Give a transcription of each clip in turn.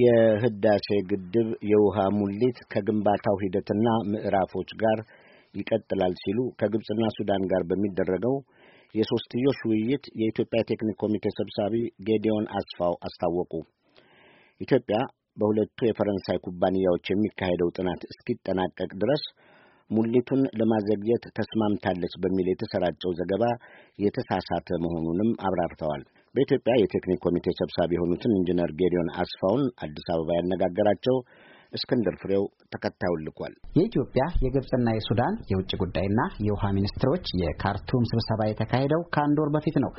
የህዳሴ ግድብ የውሃ ሙሊት ከግንባታው ሂደትና ምዕራፎች ጋር ይቀጥላል ሲሉ ከግብፅና ሱዳን ጋር በሚደረገው የሦስትዮሽ ውይይት የኢትዮጵያ ቴክኒክ ኮሚቴ ሰብሳቢ ጌዲዮን አስፋው አስታወቁ። ኢትዮጵያ በሁለቱ የፈረንሳይ ኩባንያዎች የሚካሄደው ጥናት እስኪጠናቀቅ ድረስ ሙሊቱን ለማዘግየት ተስማምታለች በሚል የተሰራጨው ዘገባ የተሳሳተ መሆኑንም አብራርተዋል። በኢትዮጵያ የቴክኒክ ኮሚቴ ሰብሳቢ የሆኑትን ኢንጂነር ጌዲዮን አስፋውን አዲስ አበባ ያነጋገራቸው እስክንድር ፍሬው ተከታዩን ልኳል። የኢትዮጵያ የግብፅና የሱዳን የውጭ ጉዳይና የውሃ ሚኒስትሮች የካርቱም ስብሰባ የተካሄደው ከአንድ ወር በፊት ነው።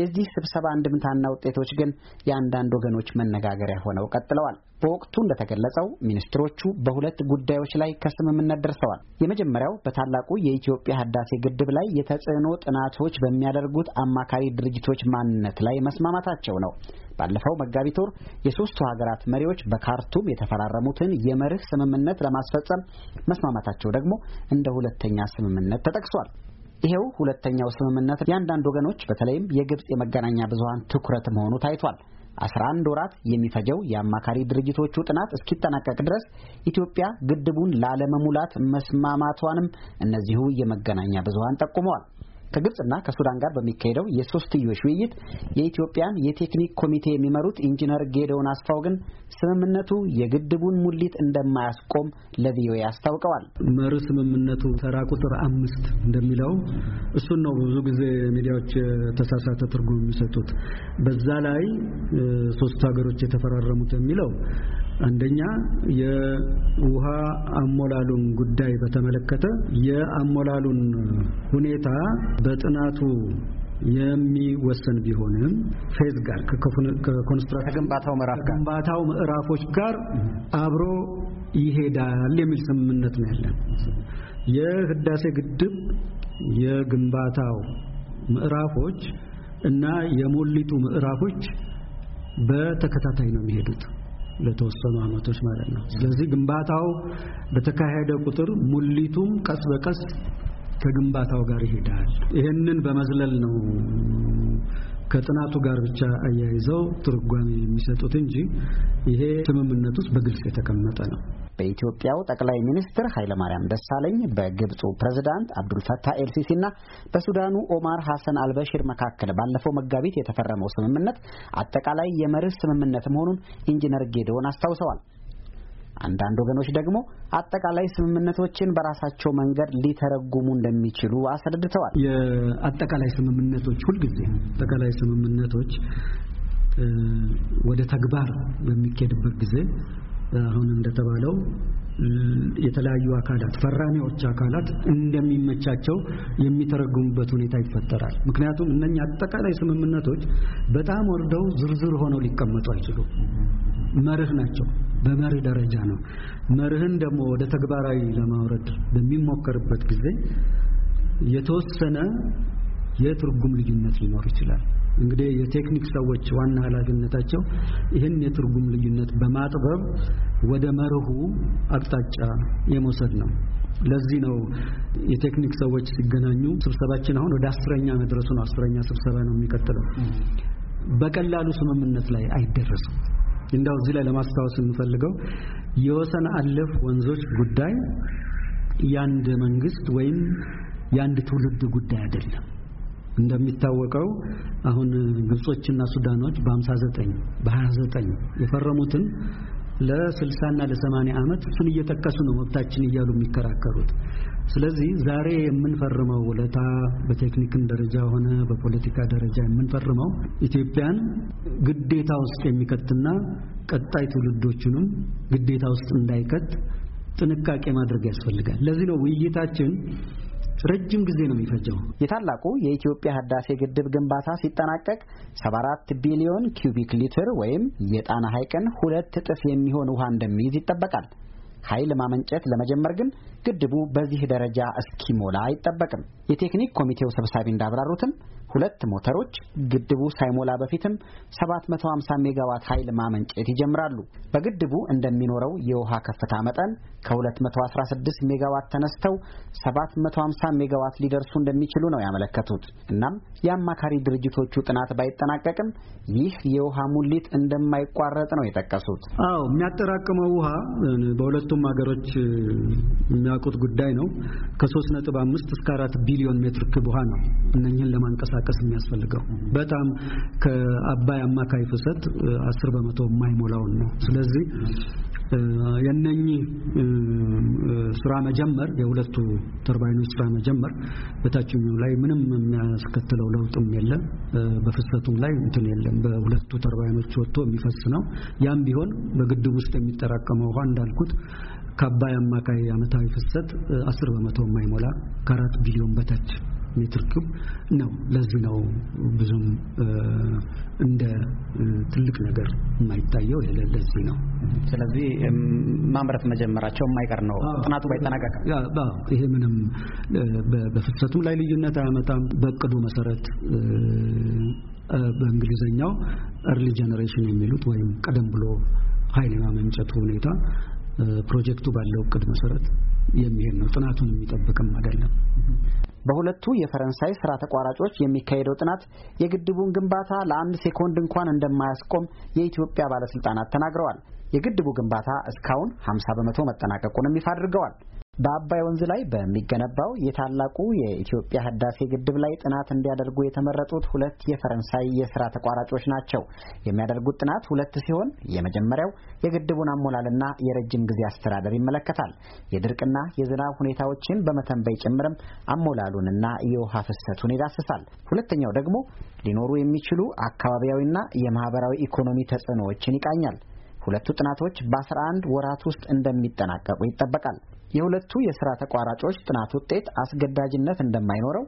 የዚህ ስብሰባ አንድምታና ውጤቶች ግን የአንዳንድ ወገኖች መነጋገሪያ ሆነው ቀጥለዋል። በወቅቱ እንደተገለጸው ሚኒስትሮቹ በሁለት ጉዳዮች ላይ ከስምምነት ደርሰዋል። የመጀመሪያው በታላቁ የኢትዮጵያ ህዳሴ ግድብ ላይ የተጽዕኖ ጥናቶች በሚያደርጉት አማካሪ ድርጅቶች ማንነት ላይ መስማማታቸው ነው። ባለፈው መጋቢት ወር የሶስቱ ሀገራት መሪዎች በካርቱም የተፈራረሙትን የመርህ ስምምነት ለማስፈጸም መስማማታቸው ደግሞ እንደ ሁለተኛ ስምምነት ተጠቅሷል። ይሄው ሁለተኛው ስምምነት የአንዳንድ ወገኖች በተለይም የግብፅ የመገናኛ ብዙሀን ትኩረት መሆኑ ታይቷል። 11 ወራት የሚፈጀው የአማካሪ ድርጅቶቹ ጥናት እስኪጠናቀቅ ድረስ ኢትዮጵያ ግድቡን ላለመሙላት መስማማቷንም እነዚሁ የመገናኛ ብዙሃን ጠቁመዋል። ከግብፅና ከሱዳን ጋር በሚካሄደው የሶስትዮሽ ውይይት የኢትዮጵያን የቴክኒክ ኮሚቴ የሚመሩት ኢንጂነር ጌደውን አስፋው ግን ስምምነቱ የግድቡን ሙሊት እንደማያስቆም ለቪኦኤ አስታውቀዋል። መርህ ስምምነቱ ተራ ቁጥር አምስት እንደሚለው እሱን ነው ብዙ ጊዜ ሚዲያዎች ተሳሳተ ትርጉም የሚሰጡት። በዛ ላይ ሶስቱ ሀገሮች የተፈራረሙት የሚለው አንደኛ የውሃ አሞላሉን ጉዳይ በተመለከተ የአሞላሉን ሁኔታ በጥናቱ የሚወሰን ቢሆንም ፌዝ ጋር ከኮንስትራክሽን ከግንባታው ጋር ምዕራፎች ጋር አብሮ ይሄዳል የሚል ስምምነት ነው ያለን። የህዳሴ ግድብ የግንባታው ምዕራፎች እና የሞሊቱ ምዕራፎች በተከታታይ ነው የሚሄዱት ለተወሰኑ አመቶች ማለት ነው። ስለዚህ ግንባታው በተካሄደ ቁጥር ሙሊቱም ቀስ በቀስ ከግንባታው ጋር ይሄዳል። ይህንን በመዝለል ነው ከጥናቱ ጋር ብቻ አያይዘው ትርጓሜ የሚሰጡት እንጂ ይሄ ስምምነት ውስጥ በግልጽ የተቀመጠ ነው። በኢትዮጵያው ጠቅላይ ሚኒስትር ኃይለማርያም ደሳለኝ በግብፁ ፕሬዝዳንት አብዱልፈታህ ና በሱዳኑ ኦማር ሐሰን አልበሽር መካከል ባለፈው መጋቢት የተፈረመው ስምምነት አጠቃላይ የመርህ ስምምነት መሆኑን ኢንጂነር ጌዶን አስታውሰዋል። አንዳንድ ወገኖች ደግሞ አጠቃላይ ስምምነቶችን በራሳቸው መንገድ ሊተረጉሙ እንደሚችሉ አስረድተዋል። የአጠቃላይ ስምምነቶች ሁልጊዜ አጠቃላይ ስምምነቶች ወደ ተግባር በሚኬድበት ጊዜ አሁን እንደተባለው የተለያዩ አካላት ፈራሚዎች አካላት እንደሚመቻቸው የሚተረጉሙበት ሁኔታ ይፈጠራል። ምክንያቱም እነኛ አጠቃላይ ስምምነቶች በጣም ወርደው ዝርዝር ሆነው ሊቀመጡ አይችሉም። መርህ ናቸው። በመርህ ደረጃ ነው። መርህን ደግሞ ወደ ተግባራዊ ለማውረድ በሚሞከርበት ጊዜ የተወሰነ የትርጉም ልዩነት ሊኖር ይችላል። እንግዲህ የቴክኒክ ሰዎች ዋና ኃላፊነታቸው ይህን የትርጉም ልዩነት በማጥበብ ወደ መርሁ አቅጣጫ የመውሰድ ነው። ለዚህ ነው የቴክኒክ ሰዎች ሲገናኙ ስብሰባችን አሁን ወደ አስረኛ መድረሱ ነው። አስረኛ ስብሰባ ነው የሚቀጥለው። በቀላሉ ስምምነት ላይ አይደረስም። እንደው እዚህ ላይ ለማስታወስ የምፈልገው የወሰን አለፍ ወንዞች ጉዳይ የአንድ መንግስት ወይም የአንድ ትውልድ ጉዳይ አይደለም። እንደሚታወቀው አሁን ግብጾችና ሱዳኖች በ59 በ29 የፈረሙትን ለስልሳና ለሰማንያ ዓመት እሱን እየጠቀሱ ነው መብታችን እያሉ የሚከራከሩት። ስለዚህ ዛሬ የምንፈርመው ውለታ በቴክኒክም ደረጃ ሆነ በፖለቲካ ደረጃ የምንፈርመው ኢትዮጵያን ግዴታ ውስጥ የሚከትና ቀጣይ ትውልዶቹንም ግዴታ ውስጥ እንዳይከት ጥንቃቄ ማድረግ ያስፈልጋል። ለዚህ ነው ውይይታችን ረጅም ጊዜ ነው የሚፈጀው። የታላቁ የኢትዮጵያ ህዳሴ ግድብ ግንባታ ሲጠናቀቅ 74 ቢሊዮን ኪዩቢክ ሊትር ወይም የጣና ሐይቅን ሁለት እጥፍ የሚሆን ውሃ እንደሚይዝ ይጠበቃል። ኃይል ማመንጨት ለመጀመር ግን ግድቡ በዚህ ደረጃ እስኪሞላ አይጠበቅም። የቴክኒክ ኮሚቴው ሰብሳቢ እንዳብራሩትም ሁለት ሞተሮች ግድቡ ሳይሞላ በፊትም 750 ሜጋዋት ኃይል ማመንጨት ይጀምራሉ። በግድቡ እንደሚኖረው የውሃ ከፍታ መጠን ከ216 ሜጋዋት ተነስተው 750 ሜጋዋት ሊደርሱ እንደሚችሉ ነው ያመለከቱት። እናም የአማካሪ ድርጅቶቹ ጥናት ባይጠናቀቅም ይህ የውሃ ሙሊት እንደማይቋረጥ ነው የጠቀሱት። አዎ የሚያጠራቅመው ውሃ በሁለቱም ሀገሮች የሚያውቁት ጉዳይ ነው። ከ3.5 እስከ 4 ቢሊዮን ሜትር ክብ ውሃ ነው እነኝህን ለማንቀሳቀስ መንቀሳቀስ የሚያስፈልገው በጣም ከአባይ አማካይ ፍሰት አስር በመቶ የማይሞላውን ነው። ስለዚህ የነኚህ ስራ መጀመር የሁለቱ ተርባይኖች ስራ መጀመር በታችኛው ላይ ምንም የሚያስከትለው ለውጥም የለም፣ በፍሰቱም ላይ እንትን የለም። በሁለቱ ተርባይኖች ወጥቶ የሚፈስ ነው። ያም ቢሆን በግድብ ውስጥ የሚጠራቀመው ውሃ እንዳልኩት ከአባይ አማካይ ዓመታዊ ፍሰት አስር በመቶ የማይሞላ ከአራት ቢሊዮን በታች ሜትር ክብ ነው። ለዚህ ነው ብዙም እንደ ትልቅ ነገር የማይታየው ለዚህ ነው። ስለዚህ ማምረት መጀመራቸው የማይቀር ነው ጥናቱ ባይጠናቀቅ። ይሄ ምንም በፍሰቱም ላይ ልዩነት አያመጣም። በእቅዱ መሰረት በእንግሊዝኛው እርሊ ጀኔሬሽን የሚሉት ወይም ቀደም ብሎ ኃይል ማመንጨቱ ሁኔታ ፕሮጀክቱ ባለው እቅድ መሰረት የሚሄድ ነው። ጥናቱን የሚጠብቅም አይደለም። በሁለቱ የፈረንሳይ ስራ ተቋራጮች የሚካሄደው ጥናት የግድቡን ግንባታ ለአንድ ሴኮንድ እንኳን እንደማያስቆም የኢትዮጵያ ባለስልጣናት ተናግረዋል። የግድቡ ግንባታ እስካሁን 50 በመቶ መጠናቀቁንም ይፋ አድርገዋል። በአባይ ወንዝ ላይ በሚገነባው የታላቁ የኢትዮጵያ ህዳሴ ግድብ ላይ ጥናት እንዲያደርጉ የተመረጡት ሁለት የፈረንሳይ የስራ ተቋራጮች ናቸው። የሚያደርጉት ጥናት ሁለት ሲሆን የመጀመሪያው የግድቡን አሞላልና የረጅም ጊዜ አስተዳደር ይመለከታል። የድርቅና የዝናብ ሁኔታዎችን በመተንበይ ጭምርም አሞላሉንና የውሃ ፍሰቱን ይዳስሳል። ሁለተኛው ደግሞ ሊኖሩ የሚችሉ አካባቢያዊና የማህበራዊ ኢኮኖሚ ተጽዕኖዎችን ይቃኛል። ሁለቱ ጥናቶች በአስራ አንድ ወራት ውስጥ እንደሚጠናቀቁ ይጠበቃል። የሁለቱ የስራ ተቋራጮች ጥናት ውጤት አስገዳጅነት እንደማይኖረው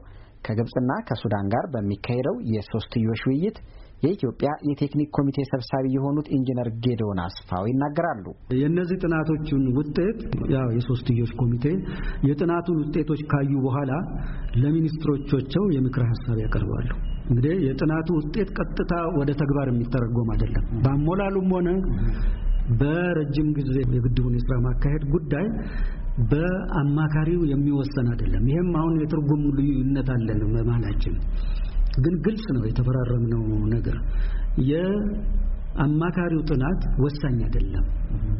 ከግብፅና ከሱዳን ጋር በሚካሄደው የሶስትዮሽ ውይይት የኢትዮጵያ የቴክኒክ ኮሚቴ ሰብሳቢ የሆኑት ኢንጂነር ጌዶን አስፋው ይናገራሉ። የእነዚህ ጥናቶችን ውጤት ያው የሶስትዮሽ ኮሚቴ የጥናቱን ውጤቶች ካዩ በኋላ ለሚኒስትሮቻቸው የምክር ሀሳብ ያቀርባሉ። እንግዲህ የጥናቱ ውጤት ቀጥታ ወደ ተግባር የሚተረጎም አይደለም። በአሞላሉም ሆነ በረጅም ጊዜ የግድቡን የስራ ማካሄድ ጉዳይ በአማካሪው የሚወሰን አይደለም። ይህም አሁን የትርጉም ልዩነት አለን በመሃላችን፣ ግን ግልጽ ነው የተፈራረምነው ነገር የአማካሪው ጥናት ወሳኝ አይደለም።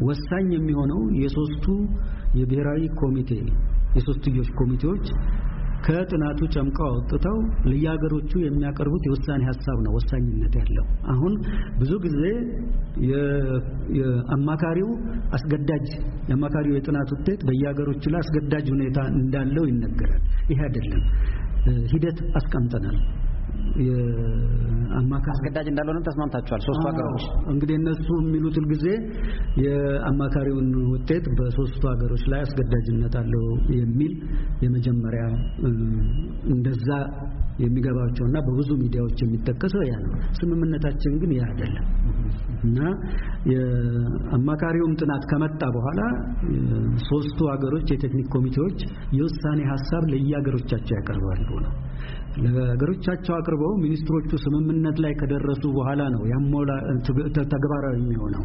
ወሳኝ የሚሆነው የሶስቱ የብሔራዊ ኮሚቴ የሶስትዮሽ ኮሚቴዎች ከጥናቱ ጨምቀው አውጥተው ለየሀገሮቹ የሚያቀርቡት የውሳኔ ሀሳብ ነው ወሳኝነት ያለው። አሁን ብዙ ጊዜ የአማካሪው አስገዳጅ የአማካሪው የጥናት ውጤት በየሀገሮቹ ላይ አስገዳጅ ሁኔታ እንዳለው ይነገራል። ይሄ አይደለም። ሂደት አስቀምጠናል። የአማካሪ አስገዳጅ እንዳልሆነ ተስማምታችኋል። ሶስቱ ሀገሮች እንግዲህ እነሱ የሚሉት ጊዜ የአማካሪውን ውጤት በሶስቱ ሀገሮች ላይ አስገዳጅነት አለው የሚል የመጀመሪያ እንደዛ የሚገባቸውና በብዙ ሚዲያዎች የሚጠቀሰው ያ ነው። ስምምነታችን ግን ያ አይደለም እና የአማካሪውም ጥናት ከመጣ በኋላ ሶስቱ ሀገሮች የቴክኒክ ኮሚቴዎች የውሳኔ ሀሳብ ለየሀገሮቻቸው ያቀርባሉ ነው። ለሀገሮቻቸው አቅርበው ሚኒስትሮቹ ስምምነት ላይ ከደረሱ በኋላ ነው ያሞላ ተግባራዊ የሚሆነው።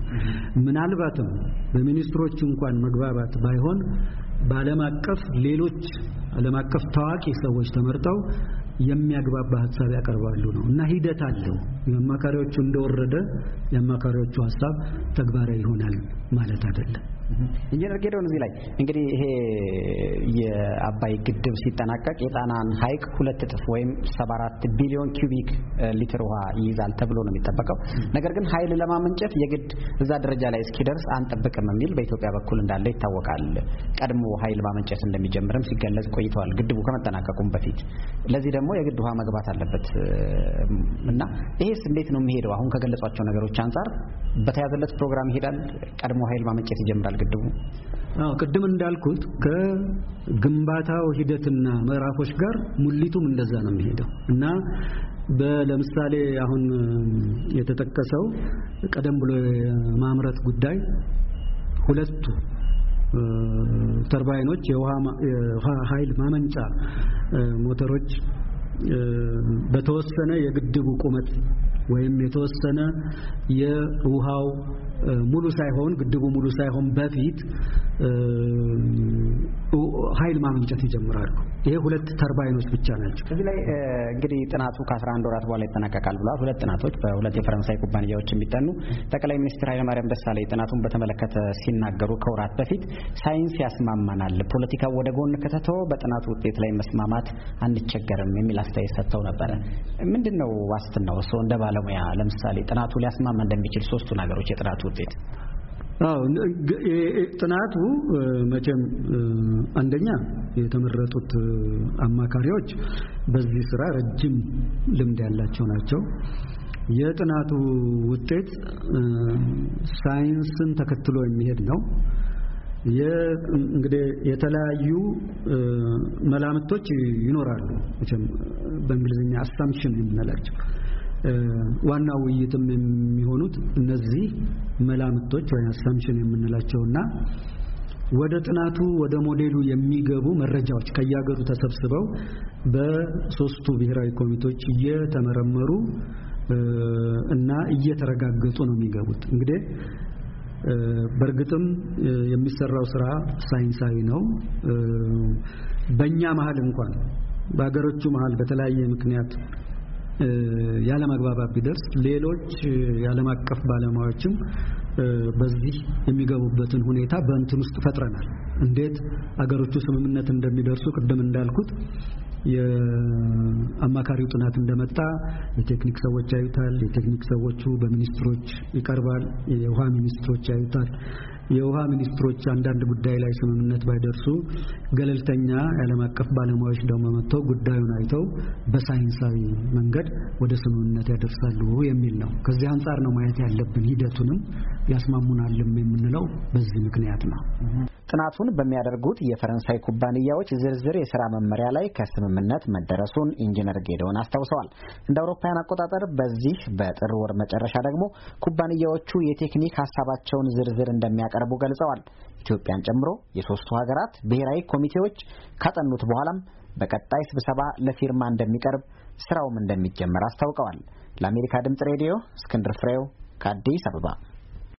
ምናልባትም በሚኒስትሮቹ እንኳን መግባባት ባይሆን በዓለም አቀፍ ሌሎች ዓለም አቀፍ ታዋቂ ሰዎች ተመርጠው የሚያግባባ ሀሳብ ያቀርባሉ ነው እና ሂደት አለው። የአማካሪዎቹ እንደወረደ የአማካሪዎቹ ሀሳብ ተግባራዊ ይሆናል ማለት አይደለም። ኢንጂነር ጌዶን እዚህ ላይ እንግዲህ ይሄ የአባይ ግድብ ሲጠናቀቅ የጣናን ሐይቅ ሁለት እጥፍ ወይም 74 ቢሊዮን ኪዩቢክ ሊትር ውሃ ይይዛል ተብሎ ነው የሚጠበቀው። ነገር ግን ኃይል ለማመንጨት የግድ እዛ ደረጃ ላይ እስኪደርስ አንጠብቅም የሚል በኢትዮጵያ በኩል እንዳለ ይታወቃል። ቀድሞ ኃይል ማመንጨት እንደሚጀምርም ሲገለጽ ቆይተዋል፣ ግድቡ ከመጠናቀቁም በፊት። ለዚህ ደግሞ የግድ ውሃ መግባት አለበት እና ይሄስ እንዴት ነው የሚሄደው? አሁን ከገለጿቸው ነገሮች አንጻር በተያዘለት ፕሮግራም ይሄዳል። ቀድሞ ኃይል ማመንጨት ይጀምራል ግድቡ። አዎ ቅድም እንዳልኩት ከግንባታው ሂደትና ምዕራፎች ጋር ሙሊቱም እንደዛ ነው የሚሄደው እና ለምሳሌ አሁን የተጠቀሰው ቀደም ብሎ የማምረት ጉዳይ ሁለቱ ተርባይኖች የውሃ ኃይል ማመንጫ ሞተሮች በተወሰነ የግድቡ ቁመት ወይም የተወሰነ የውሃው ሙሉ ሳይሆን ግድቡ ሙሉ ሳይሆን በፊት ኃይል ማመንጨት ይጀምራሉ። ይሄ ሁለት ተርባይኖች ብቻ ናቸው። እዚህ ላይ እንግዲህ ጥናቱ ከ11 ወራት በኋላ ይጠናቀቃል ብሏል። ሁለት ጥናቶች በሁለት የፈረንሳይ ኩባንያዎች የሚጠኑ ጠቅላይ ሚኒስትር ኃይለማርያም ደሳለኝ ጥናቱን በተመለከተ ሲናገሩ ከወራት በፊት ሳይንስ ያስማማናል፣ ፖለቲካው ወደ ጎን ከተተው በጥናቱ ውጤት ላይ መስማማት አንቸገርም የሚል አስተያየት ሰጥተው ነበረ። ምንድን ነው ዋስትናው? እርስዎ እንደ ባለሙያ ለምሳሌ ጥናቱ ሊያስማማ እንደሚችል ሶስቱ ነገሮች የጥናቱ ውጤት ጥናቱ መቼም አንደኛ የተመረጡት አማካሪዎች በዚህ ስራ ረጅም ልምድ ያላቸው ናቸው። የጥናቱ ውጤት ሳይንስን ተከትሎ የሚሄድ ነው። እንግዲህ የተለያዩ መላምቶች ይኖራሉ። በእንግሊዝኛ አሳምፕሽን የምንላቸው ዋና ውይይትም የሚሆኑት እነዚህ መላምቶች ወይ አሳምሽን የምንላቸውና ወደ ጥናቱ ወደ ሞዴሉ የሚገቡ መረጃዎች ከየሀገሩ ተሰብስበው በሶስቱ ብሔራዊ ኮሚቴዎች እየተመረመሩ እና እየተረጋገጡ ነው የሚገቡት። እንግዲህ በእርግጥም የሚሰራው ስራ ሳይንሳዊ ነው። በእኛ መሀል እንኳን በሀገሮቹ መሀል በተለያየ ምክንያት ያለመግባባት ቢደርስ ሌሎች የዓለም አቀፍ ባለሙያዎችም በዚህ የሚገቡበትን ሁኔታ በእንትን ውስጥ ፈጥረናል። እንዴት አገሮቹ ስምምነት እንደሚደርሱ ቅድም እንዳልኩት የአማካሪው ጥናት እንደመጣ የቴክኒክ ሰዎች ያዩታል። የቴክኒክ ሰዎቹ በሚኒስትሮች ይቀርባል። የውሃ ሚኒስትሮች ያዩታል። የውሃ ሚኒስትሮች አንዳንድ ጉዳይ ላይ ስምምነት ባይደርሱ ገለልተኛ የዓለም አቀፍ ባለሙያዎች ደግሞ መጥተው ጉዳዩን አይተው በሳይንሳዊ መንገድ ወደ ስምምነት ያደርሳሉ የሚል ነው። ከዚህ አንጻር ነው ማየት ያለብን። ሂደቱንም ያስማሙናልም የምንለው በዚህ ምክንያት ነው። ጥናቱን በሚያደርጉት የፈረንሳይ ኩባንያዎች ዝርዝር የስራ መመሪያ ላይ ከስምምነት መደረሱን ኢንጂነር ጌደውን አስታውሰዋል። እንደ አውሮፓውያን አቆጣጠር በዚህ በጥር ወር መጨረሻ ደግሞ ኩባንያዎቹ የቴክኒክ ሀሳባቸውን ዝርዝር እንደሚያቀርቡ ገልጸዋል። ኢትዮጵያን ጨምሮ የሶስቱ ሀገራት ብሔራዊ ኮሚቴዎች ካጠኑት በኋላም በቀጣይ ስብሰባ ለፊርማ እንደሚቀርብ ስራውም እንደሚጀመር አስታውቀዋል። ለአሜሪካ ድምፅ ሬዲዮ እስክንድር ፍሬው ከአዲስ አበባ